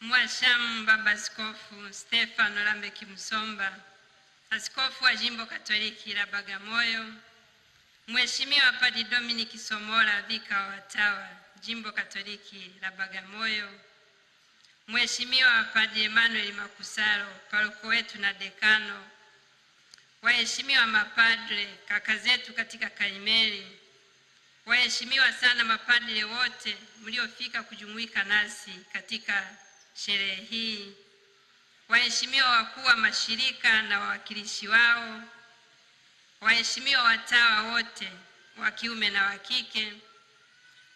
Mwashamu Baba Askofu Stefano Lambeki Musomba, askofu wa jimbo Katoliki la Bagamoyo, Mheshimiwa padri Dominic Somola, vika wa watawa jimbo Katoliki la Bagamoyo, Mheshimiwa padri Emmanuel Makusaro, paroko wetu na dekano, waheshimiwa mapadre, kaka zetu katika Karimeli, waheshimiwa sana mapadre wote mliofika kujumuika nasi katika sherehe hii, waheshimiwa wakuu wa mashirika na wawakilishi wao, waheshimiwa watawa wote wa kiume na wa kike,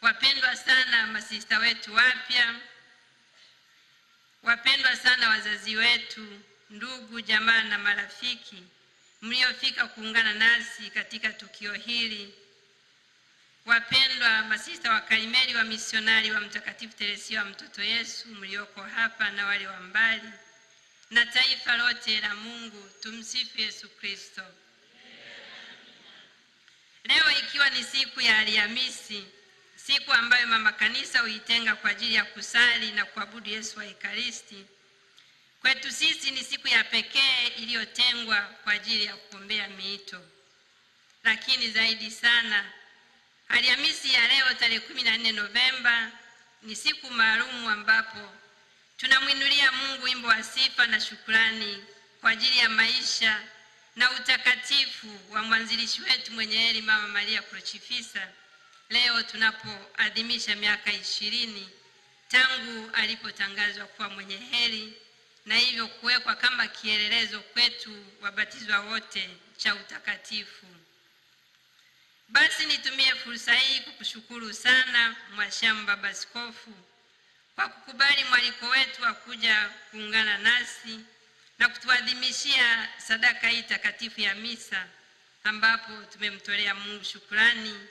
wapendwa sana masista wetu wapya, wapendwa sana wazazi wetu, ndugu jamaa na marafiki mliofika kuungana nasi katika tukio hili Wapendwa masista wa Karimeli wa misionari wa Mtakatifu Teresia wa Mtoto Yesu mlioko hapa na wale wa mbali na taifa lote la Mungu, tumsifu Yesu Kristo. Leo ikiwa ni siku ya Alhamisi, siku ambayo mama kanisa huitenga kwa ajili ya kusali na kuabudu Yesu wa Ekaristi, kwetu sisi ni siku ya pekee iliyotengwa kwa ajili ya kuombea miito, lakini zaidi sana Alhamisi ya leo tarehe kumi na nne Novemba ni siku maalumu ambapo tunamwinulia Mungu wimbo wa sifa na shukrani kwa ajili ya maisha na utakatifu wa mwanzilishi wetu mwenye heri Mama Maria Krochifisa, leo tunapoadhimisha miaka ishirini tangu alipotangazwa kuwa mwenye heri na hivyo kuwekwa kama kielelezo kwetu wabatizwa wote cha utakatifu. Basi nitumie fursa hii kukushukuru sana Mhashamu Baba Askofu kwa kukubali mwaliko wetu wa kuja kuungana nasi na kutuadhimishia sadaka hii takatifu ya misa, ambapo tumemtolea Mungu shukurani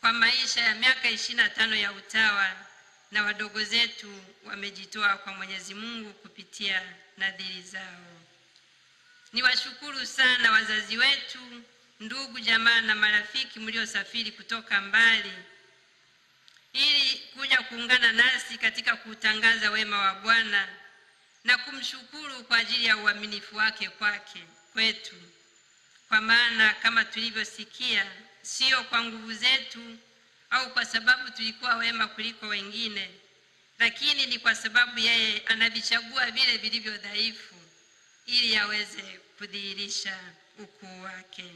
kwa maisha ya miaka ishirini na tano ya utawa na wadogo zetu wamejitoa kwa Mwenyezi Mungu kupitia nadhiri zao. Niwashukuru sana wazazi wetu ndugu jamaa na marafiki mliosafiri kutoka mbali ili kuja kuungana nasi katika kutangaza wema wa Bwana na kumshukuru kwa ajili ya uaminifu wake kwake kwetu, kwa maana kama tulivyosikia, sio kwa nguvu zetu au kwa sababu tulikuwa wema kuliko wengine, lakini ni kwa sababu yeye anavichagua vile vilivyo dhaifu ili aweze kudhihirisha ukuu wake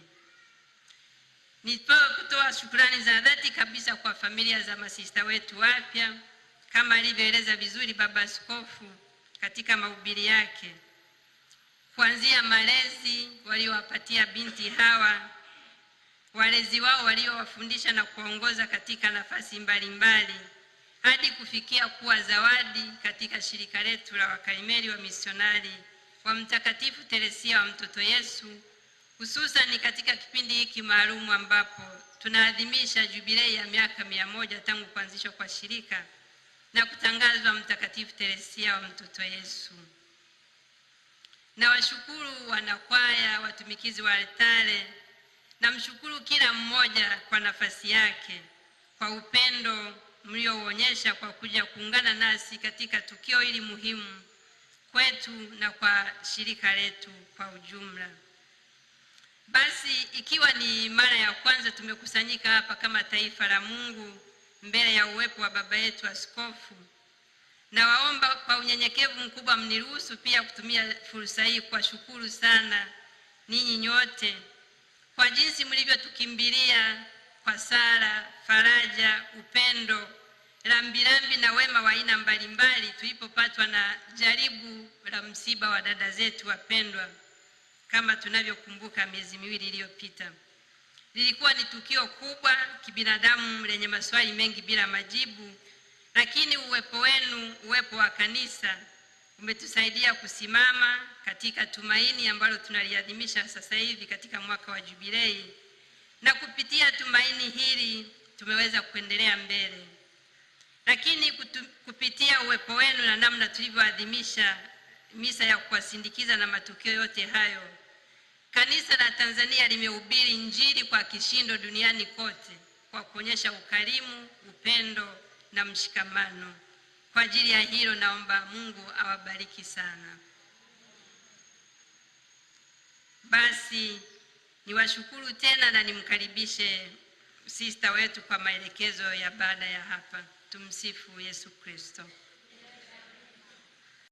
nitoa kutoa shukrani za dhati kabisa kwa familia za masista wetu wapya kama alivyoeleza vizuri Baba Askofu katika mahubiri yake, kuanzia malezi waliowapatia binti hawa, walezi wao waliowafundisha na kuongoza katika nafasi mbalimbali hadi kufikia kuwa zawadi katika shirika letu la Wakaimeli wa misionari wa Mtakatifu Teresia wa mtoto Yesu hususan katika kipindi hiki maalumu ambapo tunaadhimisha jubilei ya miaka mia moja tangu kuanzishwa kwa shirika na kutangazwa Mtakatifu Teresia wa Mtoto Yesu. Nawashukuru wanakwaya, watumikizi wa altare, namshukuru kila mmoja kwa nafasi yake, kwa upendo mliouonyesha kwa kuja kuungana nasi katika tukio hili muhimu kwetu na kwa shirika letu kwa ujumla. Basi ikiwa ni mara ya kwanza tumekusanyika hapa kama taifa la Mungu mbele ya uwepo wa baba yetu askofu, nawaomba kwa unyenyekevu mkubwa mniruhusu pia kutumia fursa hii kuwashukuru sana ninyi nyote kwa jinsi mlivyotukimbilia kwa sala, faraja, upendo, rambirambi na wema wa aina mbalimbali tulipopatwa na jaribu la msiba wa dada zetu wapendwa kama tunavyokumbuka miezi miwili iliyopita. Lilikuwa ni tukio kubwa kibinadamu lenye maswali mengi bila majibu, lakini uwepo wenu, uwepo wa kanisa umetusaidia kusimama katika tumaini ambalo tunaliadhimisha sasa hivi katika mwaka wa Jubilei, na kupitia tumaini hili tumeweza kuendelea mbele. Lakini kutu, kupitia uwepo wenu na namna tulivyoadhimisha misa ya kuwasindikiza na matukio yote hayo, kanisa la Tanzania limehubiri Injili kwa kishindo duniani kote kwa kuonyesha ukarimu, upendo na mshikamano. Kwa ajili ya hilo, naomba Mungu awabariki sana. Basi niwashukuru tena na nimkaribishe sista wetu kwa maelekezo ya baada ya hapa. Tumsifu Yesu Kristo.